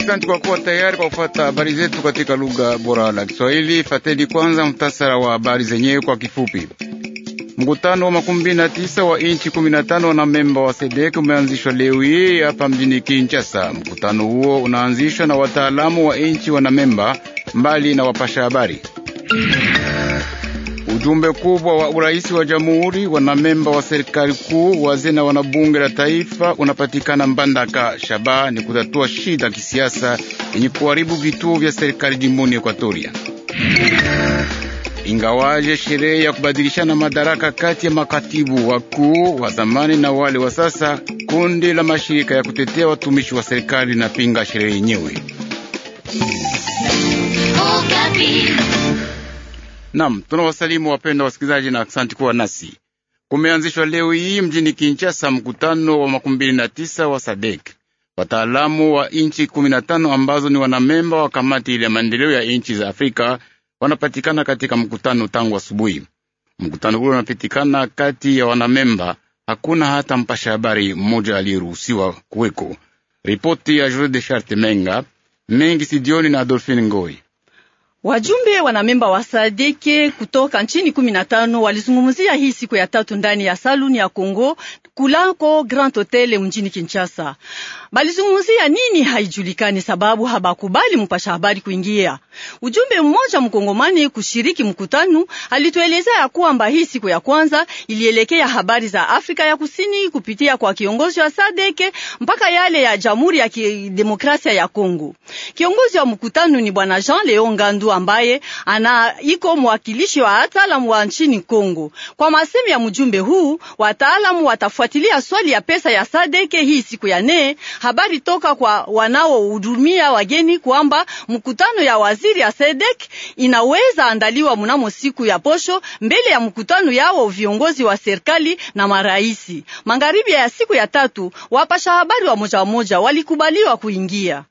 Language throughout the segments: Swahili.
Aksanti kwa kuwa tayari kwa kufuata habari zetu katika lugha bora la Kiswahili. Fateni kwanza mtasara wa habari zenyewe kwa kifupi. Mkutano wa makumi mbili na tisa wa inchi kumi na tano na memba wa SEDEK umeanzishwa leo hii hapa mjini Kinshasa. Mkutano huo unaanzishwa na wataalamu wa inchi wana memba mbali na wapasha habari Ujumbe kubwa wa urais wa jamhuri, wanamemba wa serikali kuu, wazee na wanabunge la taifa unapatikana Mbandaka. Shabaha ni kutatua shida kisiasa yenye kuharibu vituo vya serikali jimboni Ekwatoria. Ingawaje sherehe ya kubadilishana madaraka kati ya makatibu wakuu wa zamani na wale wa sasa, kundi la mashirika ya kutetea watumishi wa serikali linapinga sherehe yenyewe. Oh, Nam, tunawasalimu wapendwa wasikilizaji na asante kuwa nasi. Kumeanzishwa leo hii mjini Kinshasa mkutano wa makumi mbili na tisa wa SADC. Wataalamu wa nchi kumi na tano ambazo ni wanamemba wa kamati ile ya maendeleo ya nchi za Afrika wanapatikana katika mkutano tangu asubuhi. Mkutano huo unapitikana kati ya wanamemba, hakuna hata mpasha habari mmoja aliyeruhusiwa kuweko. Ripoti ya Jules de Charte Menga mengi sidioni na Adolfine Ngoi. Wajumbe wanamemba wa Sadeke kutoka nchini kumi na tano walizungumzia hii siku ya tatu ndani ya saluni ya Kongo Kulako Grand Hotel mjini Kinshasa. Balizungumzia nini haijulikani, sababu habakubali mpasha habari kuingia. Ujumbe mmoja mkongomani kushiriki mkutano alituelezea ya kwamba hii siku ya kwanza ilielekea habari za Afrika ya Kusini kupitia kwa kiongozi wa Sadeke mpaka yale ya Jamhuri ya Kidemokrasia ya Kongo. Kiongozi wa mkutano ni bwana Jean Leon Ngandu ambaye ana iko mwakilishi wa wataalamu wa nchini Kongo. Kwa masemi ya mjumbe huu, wataalamu watafua kufuatilia swali ya pesa ya Sadeke hii siku ya nne, habari toka kwa wanaohudumia wageni kwamba mkutano ya waziri ya Sadek inaweza andaliwa mnamo siku ya posho mbele ya mkutano yao viongozi wa serikali na maraisi. Magharibi ya siku ya tatu, wapasha habari wa moja moja walikubaliwa kuingia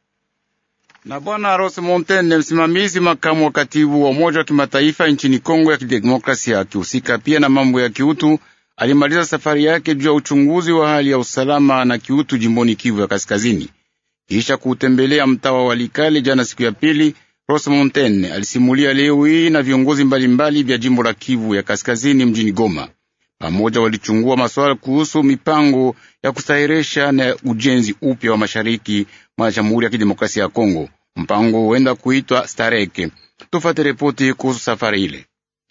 na Bwana Rose Montaigne, msimamizi makamu wa katibu wa Umoja wa Kimataifa nchini Kongo ya Kidemokrasia, akihusika pia na mambo ya kiutu alimaliza safari yake juu ya uchunguzi wa hali ya usalama na kiutu jimboni Kivu ya Kaskazini, kisha kuutembelea mtawa wa Likale jana siku ya pili. Rose Montaigne alisimulia leo hii na viongozi mbalimbali vya jimbo la Kivu ya Kaskazini mjini Goma. Pamoja walichungua masuala kuhusu mipango ya kustahiresha na ujenzi upya wa mashariki mwa Jamhuri ya Kidemokrasia ya Kongo. Mpango huenda kuitwa Stareke. Tufate ripoti kuhusu safari ile.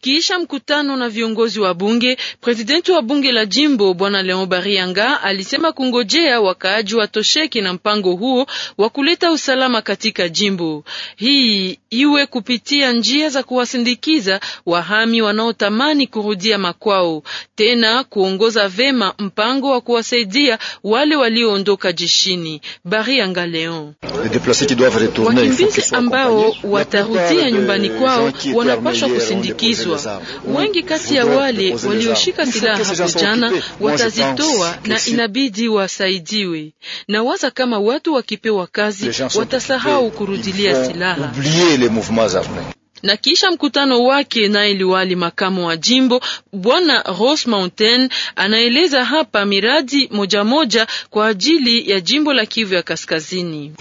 Kisha mkutano na viongozi wa bunge, presidenti wa bunge la jimbo bwana Leon Barianga alisema kungojea wakaaji watosheke na mpango huo wa kuleta usalama katika jimbo hii, iwe kupitia njia za kuwasindikiza wahami wanaotamani kurudia makwao, tena kuongoza vema mpango wa kuwasaidia wale walioondoka jeshini. Barianga Leon: wakimbizi ambao watarudia nyumbani kwao wanapaswa kusindikizwa kuchukuliwa. Wengi kati ya wale walioshika silaha hapo jana watazitoa na inabidi wasaidiwe. Na waza kama watu wakipewa kazi watasahau kurudilia silaha. Na kisha mkutano wake naye liwali makamu wa jimbo bwana Ross Mountain anaeleza hapa miradi moja moja kwa ajili ya jimbo la Kivu ya Kaskazini.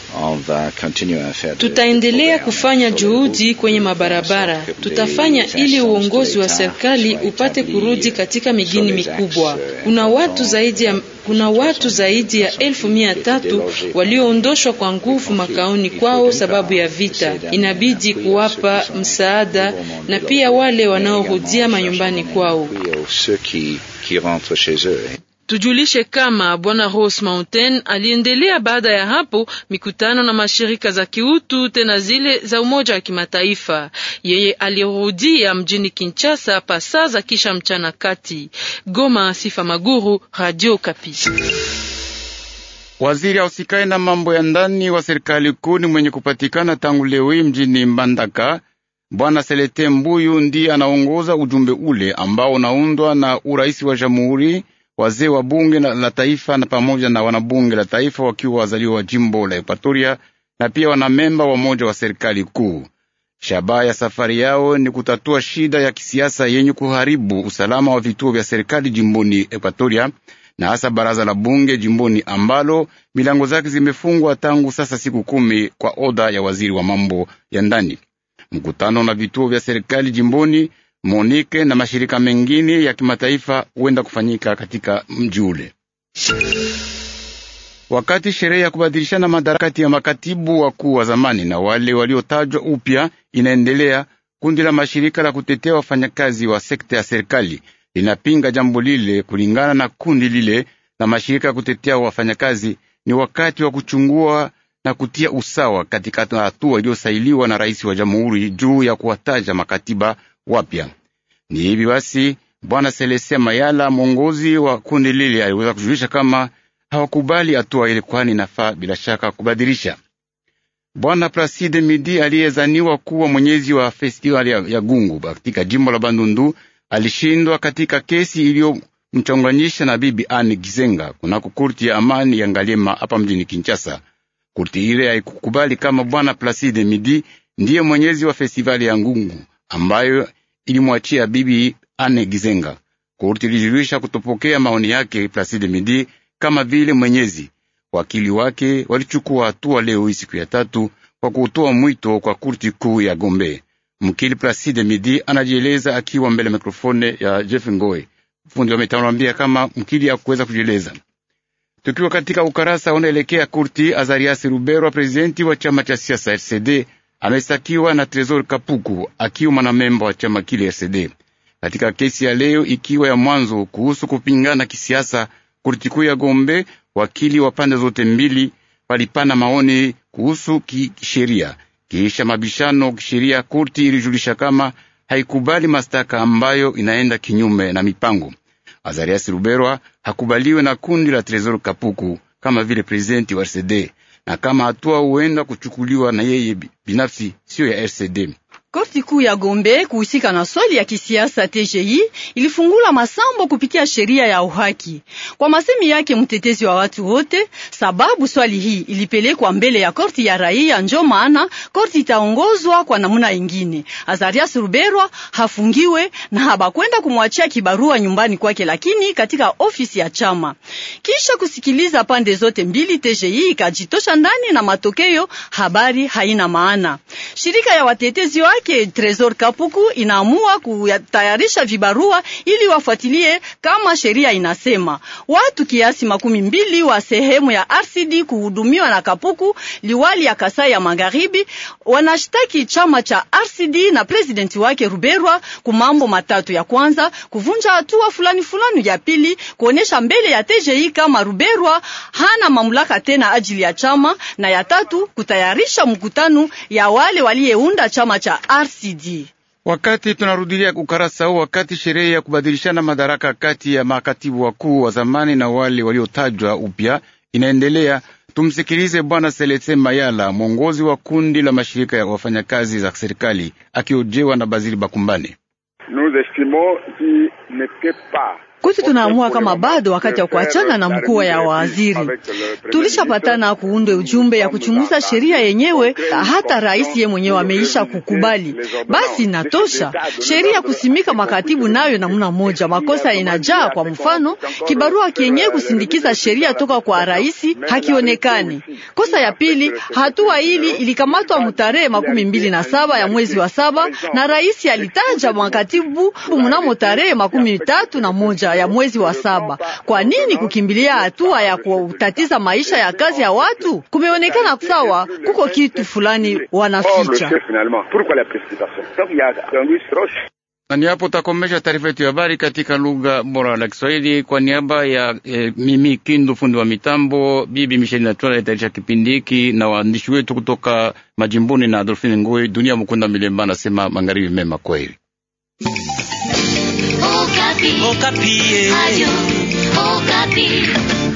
Tutaendelea kufanya juhudi kwenye mabarabara, tutafanya ili uongozi wa serikali upate kurudi katika migini mikubwa. Kuna watu zaidi ya kuna watu zaidi ya elfu mia tatu walioondoshwa kwa nguvu makaoni kwao sababu ya vita. Inabidi kuwapa msaada na pia wale wanaorudia manyumbani kwao. Tujulishe kama bwana Rose Mountain aliendelea baada ya hapo mikutano na mashirika za kiutu tena zile za Umoja wa Kimataifa. Yeye alirudia mjini Kinshasa pasaa za kisha mchana kati. Goma, Sifa Maguru, Radio Kapi. Waziri ausikae na mambo ya ndani wa serikali kuu ni mwenye kupatikana tangu leo hii mjini Mbandaka. Bwana Selete Mbuyu ndiye anaongoza ujumbe ule ambao unaundwa na urais wa jamhuri wazee wa bunge la, la taifa na pamoja na wanabunge la taifa wakiwa wazaliwa wa jimbo la Ekuatoria na pia wanamemba wamoja wa serikali kuu. Shabaha ya safari yao ni kutatua shida ya kisiasa yenye kuharibu usalama wa vituo vya serikali jimboni Ekuatoria na hasa baraza la bunge jimboni ambalo milango zake zimefungwa tangu sasa siku kumi kwa oda ya waziri wa mambo ya ndani. Mkutano na vituo vya serikali jimboni Monike na mashirika mengine ya kimataifa huenda kufanyika katika mji ule. Wakati sherehe ya kubadilishana madaraka kati ya makatibu wakuu wa zamani na wale waliotajwa upya inaendelea, kundi la mashirika la kutetea wafanyakazi wa sekta ya serikali linapinga jambo lile. Kulingana na kundi lile la mashirika ya kutetea wafanyakazi, ni wakati wa kuchungua na kutia usawa katika hatua iliyosailiwa na rais wa jamhuri juu ya kuwataja makatiba wapya. Ni hivi basi, bwana Selesia Mayala, mwongozi wa kundi lile, aliweza kujulisha kama hawakubali hatua ile, kwani nafaa bila shaka kubadilisha. Bwana Placide Midi aliyezaniwa kuwa mwenyezi wa festival ya, ya gungu katika jimbo la Bandundu alishindwa katika kesi iliyomchonganyisha na bibi Anne Gizenga kunako kurti ya amani ya Ngaliema hapa mjini Kinshasa. Kurti ile haikukubali kama bwana Placide Midi ndiye mwenyezi wa festivali ya gungu ambayo ilimwachia bibi Ane Gizenga. Korti ilijulisha kutopokea maoni yake placide Midi kama vile mwenyezi. Wakili wake walichukua hatua leo hii siku ya tatu kwa kutoa mwito kwa kurti kuu ya Gombe. Mkili Plaside Midi anajieleza akiwa mbele ya mikrofone ya Jeff Ngoe. Fundi wametamwambia kama mkili hakuweza kujieleza. Tukiwa katika ukarasa unaelekea kurti, Azariasi Ruberwa, prezidenti wa chama cha siasa RCD amestakiwa na Tresor Kapuku akiwa mwanamemba wa chama kile RCD katika kesi ya leo ikiwa ya mwanzo kuhusu kupingana kisiasa. Korti kuu ya Gombe, wakili wa pande zote mbili palipana maoni kuhusu kisheria. Kisha mabishano kisheria, korti ilijulisha kama haikubali mashtaka ambayo inaenda kinyume na mipango. Azarias Ruberwa hakubaliwe na kundi la Tresor Kapuku kama vile prezidenti wa RCD na kama hatua huenda kuchukuliwa na yeye binafsi, siyo ya RCD. Korti kuu ya Gombe kuhusika na swali ya kisiasa TGI ilifungula masambo kupitia sheria ya uhaki. Kwa masemi yake mtetezi wa watu wote, sababu swali hii ilipelekwa mbele ya korti ya raia, njo maana korti itaongozwa kwa namna ingine. Azarias Ruberwa hafungiwe na habakwenda kumwachia kibarua nyumbani kwake, lakini katika ofisi ya chama. Kisha kusikiliza pande zote mbili, TGI ikajitosha ndani na matokeo habari haina maana. Shirika ya watetezi wa wake Tresor Kapuku inaamua kutayarisha vibarua ili wafuatilie kama sheria inasema. Watu kiasi makumi mbili wa sehemu ya RCD kuhudumiwa na Kapuku, liwali ya Kasai ya Magharibi, wanashtaki chama cha RCD na presidenti wake Ruberwa ku mambo matatu: ya kwanza, kuvunja hatua fulani fulani; ya pili, kuonesha mbele ya TGI kama Ruberwa hana mamlaka tena ajili ya chama; na ya tatu, kutayarisha mkutano ya wale waliyeunda chama cha RCD. Wakati tunarudilia ukarasa huu, wakati sherehe ya kubadilishana madaraka kati ya makatibu wakuu wa zamani na wale waliotajwa upya inaendelea, tumsikilize Bwana Seletse Mayala, mwongozi wa kundi la mashirika ya wafanyakazi za serikali, akiojewa na Bazili Bakumbane kwetu tunaamua kama bado wakati wa kuachana na mkuu ya waziri. Tulishapatana kuunde ujumbe ya kuchunguza sheria yenyewe, hata rais ye mwenyewe ameisha kukubali. Basi natosha sheria kusimika makatibu nayo namna moja, makosa inajaa. Kwa mfano, kibarua kienyewe kusindikiza sheria toka kwa rais hakionekani. Kosa ya pili, hatua hili ilikamatwa mtarehe makumi mbili na saba ya mwezi wa saba na rais alitaja makatibu mnamo tarehe makumi tatu na moja ya mwezi wa saba. Kwa nini kukimbilia hatua ya kutatiza maisha ya kazi ya watu? Kumeonekana sawa kuko kitu fulani wanaficha na ni hapo taarifa yetu ya habari katika lugha bora la Kiswahili. Kwa niaba ya eh, mimi Kindu fundi wa mitambo, bibi Michelle Natwala itayarisha kipindi hiki na waandishi wetu kutoka majimbuni na Adolfine Ngoi. Dunia Mukunda Milemba anasema magharibi mema kweli. Okapi. Okapi. Eh.